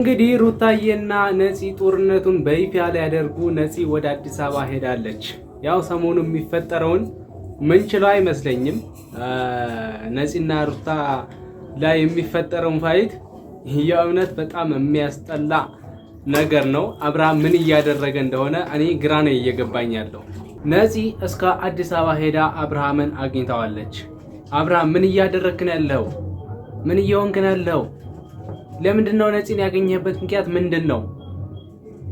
እንግዲህ ሩታዬና ነፂ ጦርነቱን በይፋ ሊያደርጉ ነፂ ወደ አዲስ አበባ ሄዳለች። ያው ሰሞኑ የሚፈጠረውን ምንችለው አይመስለኝም። ነፂና ሩታ ላይ የሚፈጠረውን ፋይት የእውነት በጣም የሚያስጠላ ነገር ነው። አብርሃም ምን እያደረገ እንደሆነ እኔ ግራ ነው እየገባኝ ያለው። ነፂ እስከ አዲስ አበባ ሄዳ አብርሃምን አግኝተዋለች። አብርሃም ምን እያደረግን ያለው? ምን እየሆንክን ያለው ለምንድን ነው ነፂን ያገኘህበት ምክንያት ምንድን ነው?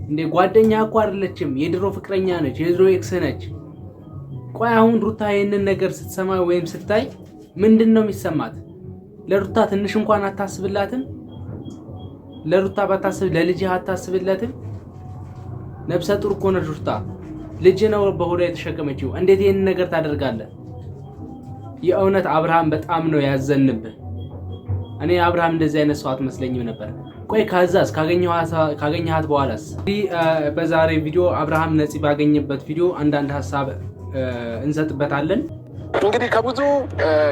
እንዴ ጓደኛ እኮ አይደለችም፣ የድሮ ፍቅረኛ ነች፣ የድሮ ኤክስ ነች። ቆይ አሁን ሩታ ይህንን ነገር ስትሰማ ወይም ስታይ ምንድን ነው የሚሰማት? ለሩታ ትንሽ እንኳን አታስብላትም? ለሩታ ባታስብ ለልጅህ አታስብለትም? ነብሰ ጡር እኮ ነች ሩታ፣ ልጅ ነው በሆዷ የተሸከመችው። እንዴት ይህንን ነገር ታደርጋለህ? የእውነት አብርሃም በጣም ነው ያዘንብህ። እኔ አብርሃም እንደዚህ አይነት ሰው አትመስለኝም ነበር። ቆይ ከዛስ ካገኘሃት በኋላስ? በዛሬ ቪዲዮ አብርሃም ነፂ ባገኘበት ቪዲዮ አንዳንድ ሀሳብ እንሰጥበታለን። እንግዲህ ከብዙ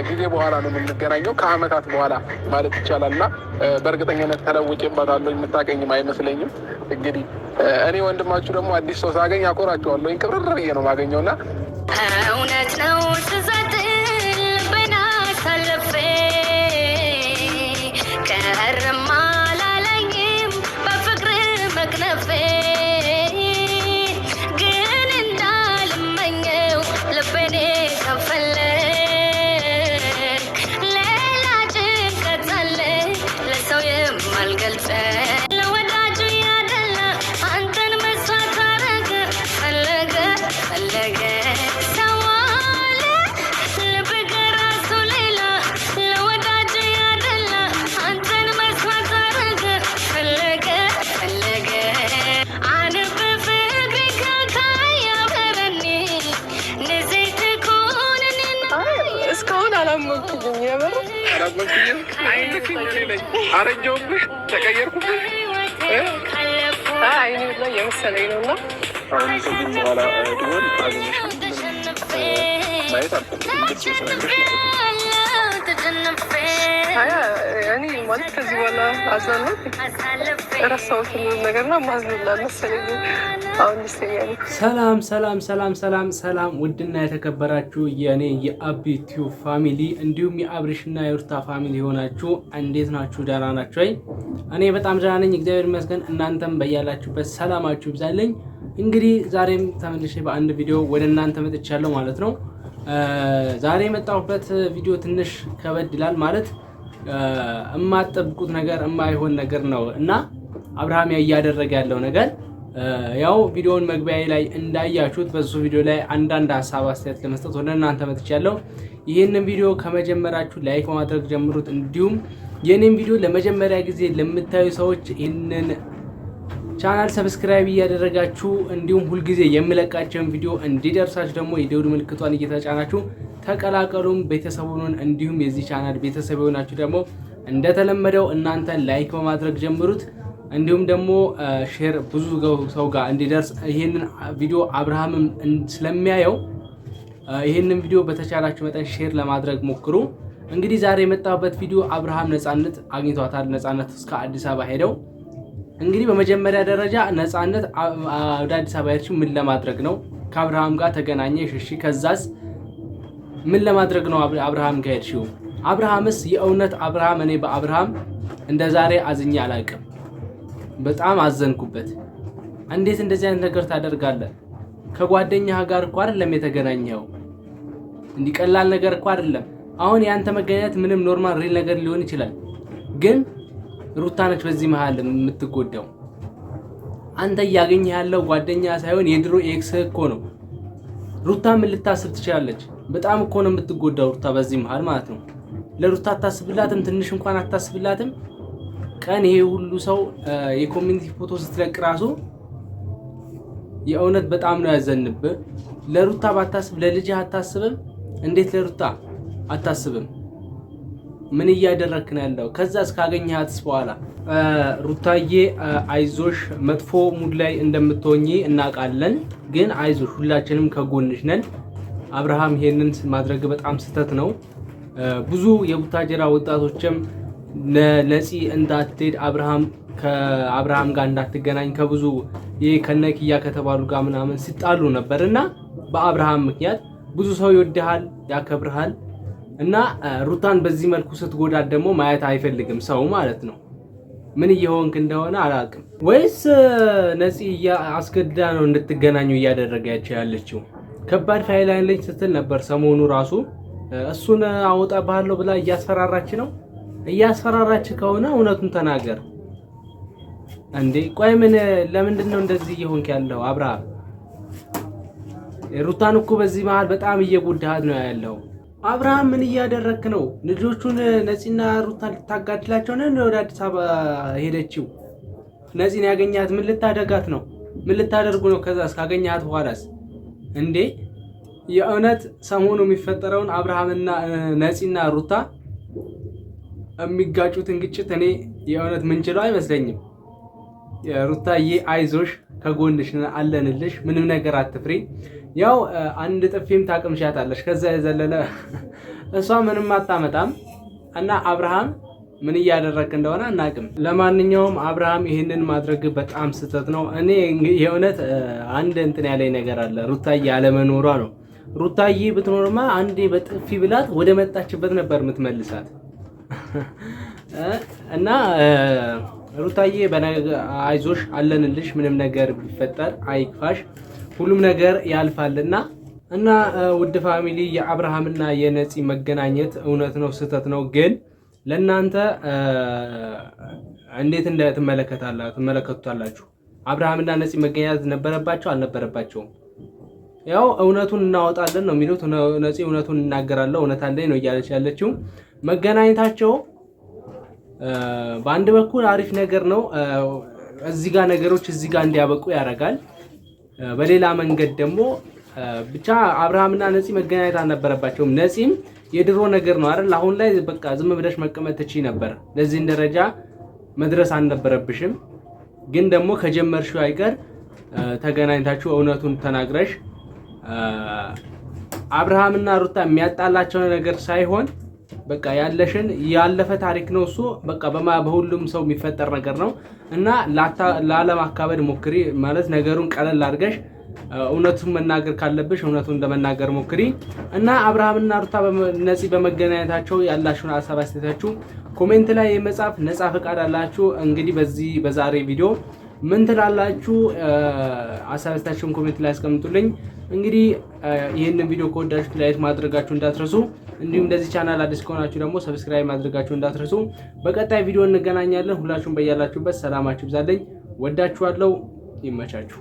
ጊዜ በኋላ ነው የምንገናኘው፣ ከአመታት በኋላ ማለት ይቻላል እና በእርግጠኝነት ተለውጬባታለሁ። የምታገኝም አይመስለኝም። እንግዲህ እኔ ወንድማችሁ ደግሞ አዲስ ሰው ሳገኝ አኮራቸዋለሁ። ቅብርር ብዬ ነው የማገኘው እና እውነት ነው አረጀሁብህ፣ ተቀየርኩብህ አይኔ ላይ ነው እኔ ማለት ከዚህ በኋላ አዝናለሁ ረሳሁት ማዝንላ መሰለኝ ሰላም ሰላም ሰላም ሰላም ሰላም ውድና የተከበራችሁ የእኔ የአቢቲዩ ፋሚሊ እንዲሁም የአብሪሽና የሩታ ፋሚሊ የሆናችሁ እንዴት ናችሁ? ደህና ናችሁ ወይ? እኔ በጣም ደህና ነኝ፣ እግዚአብሔር ይመስገን። እናንተም በያላችሁበት ሰላማችሁ ይብዛልኝ። እንግዲህ ዛሬም ተመልሼ በአንድ ቪዲዮ ወደ እናንተ መጥቻለሁ ማለት ነው። ዛሬ የመጣሁበት ቪዲዮ ትንሽ ከበድ ይላል ማለት የማትጠብቁት ነገር የማይሆን ነገር ነው እና አብርሃም እያደረገ ያለው ነገር ያው ቪዲዮውን መግቢያ ላይ እንዳያችሁት በሱ ቪዲዮ ላይ አንዳንድ ሀሳብ አስተያየት ለመስጠት ወደ እናንተ መጥቻለሁ። ይህንን ቪዲዮ ከመጀመራችሁ ላይክ በማድረግ ጀምሩት። እንዲሁም የኔን ቪዲዮ ለመጀመሪያ ጊዜ ለምታዩ ሰዎች ይህንን ቻናል ሰብስክራይብ እያደረጋችሁ እንዲሁም ሁልጊዜ የምለቃቸውን ቪዲዮ እንዲደርሳችሁ ደግሞ የደውል ምልክቷን እየተጫናችሁ ተቀላቀሉም። ቤተሰቡን እንዲሁም የዚህ ቻናል ቤተሰብ የሆናችሁ ደግሞ እንደተለመደው እናንተ ላይክ በማድረግ ጀምሩት። እንዲሁም ደግሞ ሼር ብዙ ሰው ጋር እንዲደርስ ይህንን ቪዲዮ አብርሃምም ስለሚያየው ይህንን ቪዲዮ በተቻላችሁ መጠን ሼር ለማድረግ ሞክሩ። እንግዲህ ዛሬ የመጣሁበት ቪዲዮ አብርሃም ነፃነት አግኝቷታል። ነፃነት እስከ አዲስ አበባ ሄደው እንግዲህ በመጀመሪያ ደረጃ ነፃነት ወደ አዲስ አበባ ሄደች ምን ለማድረግ ነው? ከአብርሃም ጋር ተገናኘ ሽሺ ከዛዝ ምን ለማድረግ ነው አብርሃም ጋር ሄድሽው? አብርሃምስ የእውነት አብርሃም እኔ በአብርሃም እንደ ዛሬ አዝኛ አላውቅም። በጣም አዘንኩበት። እንዴት እንደዚህ አይነት ነገር ታደርጋለህ? ከጓደኛህ ጋር እኮ አይደለም የተገናኘው። እንዲህ ቀላል ነገር እኮ አይደለም። አሁን የአንተ መገናኘት ምንም ኖርማል ሪል ነገር ሊሆን ይችላል፣ ግን ሩታ ነች በዚህ መሀል የምትጎዳው። አንተ እያገኘህ ያለው ጓደኛ ሳይሆን የድሮ ኤክስህ እኮ ነው። ሩታ ምን ልታስብ ትችላለች? በጣም እኮ ነው የምትጎዳው ሩታ በዚህ መሀል ማለት ነው። ለሩታ አታስብላትም፣ ትንሽ እንኳን አታስብላትም። ቀን ይሄ ሁሉ ሰው የኮሚኒቲ ፎቶ ስትለቅ ራሱ የእውነት በጣም ነው ያዘንብህ። ለሩታ ባታስብ ለልጅህ አታስብም። እንዴት ለሩታ አታስብም? ምን እያደረግክ ነው ያለው? ከዛ እስካገኘሃትስ በኋላ ሩታዬ አይዞሽ፣ መጥፎ ሙድ ላይ እንደምትሆኚ እናውቃለን፣ ግን አይዞሽ፣ ሁላችንም ከጎንሽ ነን። አብርሃም ይሄንን ማድረግ በጣም ስህተት ነው። ብዙ የቡታጀራ ወጣቶችም ነፂ እንዳትሄድ አብርሃም ከአብርሃም ጋር እንዳትገናኝ ከብዙ ይሄ ከነኪያ ከተባሉ ጋር ምናምን ሲጣሉ ነበር እና በአብርሃም ምክንያት ብዙ ሰው ይወድሃል፣ ያከብርሃል እና ሩታን በዚህ መልኩ ስትጎዳት ደግሞ ማየት አይፈልግም ሰው ማለት ነው። ምን እየሆንክ እንደሆነ አላውቅም። ወይስ ነፂ አስገድዳ ነው እንድትገናኙ እያደረገች ያለችው? ከባድ ፋይል አለኝ ስትል ነበር ሰሞኑ ራሱ እሱን አወጣ ባህለው ብላ እያስፈራራች ነው። እያስፈራራች ከሆነ እውነቱን ተናገር እንዴ! ቆይ ምን ለምንድን ነው እንደዚህ እየሆንክ ያለው አብርሃም? ሩታን እኮ በዚህ መሀል በጣም እየጎዳሃት ነው ያለው። አብርሃም ምን እያደረክ ነው? ልጆቹን ነፂና ሩታን ልታጋድላቸው ነው ወደ አዲስ አበባ ሄደችው። ነፂን ያገኛት ምን ልታደጋት ነው? ምን ልታደርጉ ነው? ከዛስ ካገኛት በኋላስ እንዴ የእውነት ሰሞኑ የሚፈጠረውን አብርሃምና ነፂና ሩታ የሚጋጩትን ግጭት እኔ የእውነት ምንችለው አይመስለኝም። ሩታዬ አይዞሽ፣ ከጎንሽ አለንልሽ፣ ምንም ነገር አትፍሪ። ያው አንድ ጥፊም ታቅምሻታለሽ። ከዛ የዘለለ እሷ ምንም አታመጣም እና አብርሃም ምን እያደረግክ እንደሆነ አናውቅም። ለማንኛውም አብርሃም ይህንን ማድረግ በጣም ስህተት ነው። እኔ የእውነት አንድ እንትን ያለኝ ነገር አለ፣ ሩታዬ አለመኖሯ ነው። ሩታዬ ብትኖርማ አንዴ በጥፊ ብላት ወደ መጣችበት ነበር የምትመልሳት እና ሩታዬ አይዞሽ፣ አለንልሽ፣ ምንም ነገር ቢፈጠር አይክፋሽ፣ ሁሉም ነገር ያልፋልና እና ውድ ፋሚሊ የአብርሃምና የነፂ መገናኘት እውነት ነው ስህተት ነው ግን ለእናንተ እንዴት ትመለከቱታላችሁ? አብርሃምና ነፂ መገኘት ነበረባቸው አልነበረባቸውም? ያው እውነቱን እናወጣለን ነው የሚሉት። ነፂ እውነቱን እናገራለሁ እውነት አለኝ ነው እያለች ያለችው። መገናኘታቸው በአንድ በኩል አሪፍ ነገር ነው። እዚህ ጋር ነገሮች እዚህ ጋር እንዲያበቁ ያደርጋል። በሌላ መንገድ ደግሞ ብቻ አብርሃምና ነፂ መገናኘት አልነበረባቸውም። ነፂም የድሮ ነገር ነው አይደል? አሁን ላይ በቃ ዝም ብለሽ መቀመጥ ትቺ ነበር። ለዚህን ደረጃ መድረስ አልነበረብሽም። ግን ደግሞ ከጀመርሽው አይቀር ተገናኝታችሁ እውነቱን ተናግረሽ አብርሃምና ሩታ የሚያጣላቸው ነገር ሳይሆን በቃ ያለሽን ያለፈ ታሪክ ነው እሱ። በቃ በሁሉም ሰው የሚፈጠር ነገር ነው እና ላለማካበድ ሞክሪ ማለት ነገሩን ቀለል አድርገሽ እውነቱን መናገር ካለብሽ እውነቱን ለመናገር ሞክሪ እና አብርሃምና ሩታ ነፂ በመገናኘታቸው ያላችሁን ሀሳብ አስተያየታችሁ ኮሜንት ላይ የመጻፍ ነጻ ፈቃድ አላችሁ። እንግዲህ በዚህ በዛሬ ቪዲዮ ምን ትላላችሁ? ሀሳብ አስተያየታችሁን ኮሜንት ላይ አስቀምጡልኝ። እንግዲህ ይህንን ቪዲዮ ከወዳችሁት ላይክ ማድረጋችሁ እንዳትረሱ፣ እንዲሁም ለዚህ ቻናል አዲስ ከሆናችሁ ደግሞ ሰብስክራይብ ማድረጋችሁ እንዳትረሱ። በቀጣይ ቪዲዮ እንገናኛለን። ሁላችሁም በያላችሁበት ሰላማችሁ ይብዛልኝ። ወዳችኋለሁ። ይመቻችሁ።